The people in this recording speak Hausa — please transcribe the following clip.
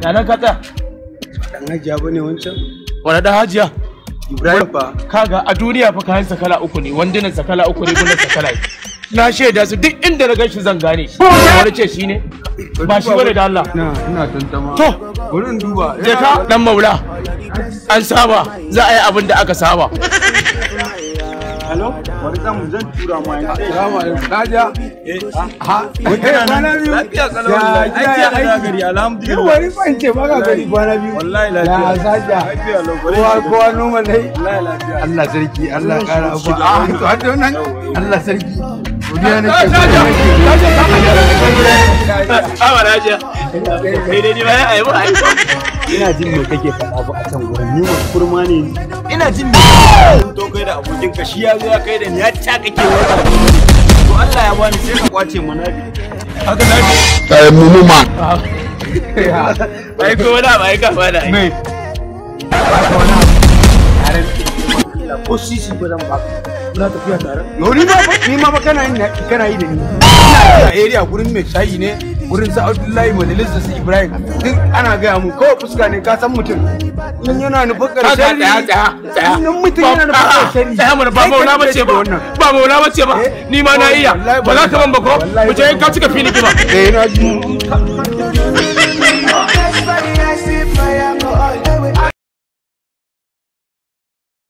Ya nan ka Dan hajiya ba ne wancan? Wani dan hajiya? Ibrahim fa. Kaga a duniya fa kayan sakala uku ne, wandunan sakala uku ne, gunan sakala yi. Na shaida su duk inda na ganshi zan gane shi. Wani ce shi ne? Ba shi bane da Allah. Ina ina tantama. To, gurin duba. Je ka dan Maula. An saba, za a yi abin da aka saba. Hello? bari zan eh. ce Allah sarki Allah kara abu a to har nan Allah sarki ina jin me kake faɗa a can gurin ni kurma ne ina jin me to kai da abokin ka shi ya zuwa kai da ni ya ta kake wata to Allah ya bani sai ka kwace mu na bi haka na bi kai mu mu ma ai ko da bai ka fada ne ba ko na are la posisi ba zan ba muna tafiya tare ni ba ni ma ba kana yin kana yi da ni area gurin mai shayi ne wurin su abdullahi majalisa su ibrahim duk ana gaya mu kawai fuska ne ka san mutum in yana nufin ƙarshen tsaya tsaya tsaya in mutum yana nufin ƙarshen tsaya mana ba maula ba ce ba ba maula ba ce eh? ba ni ma na iya ba za ka ban ba ko mu je ka cika fili ba eh na ji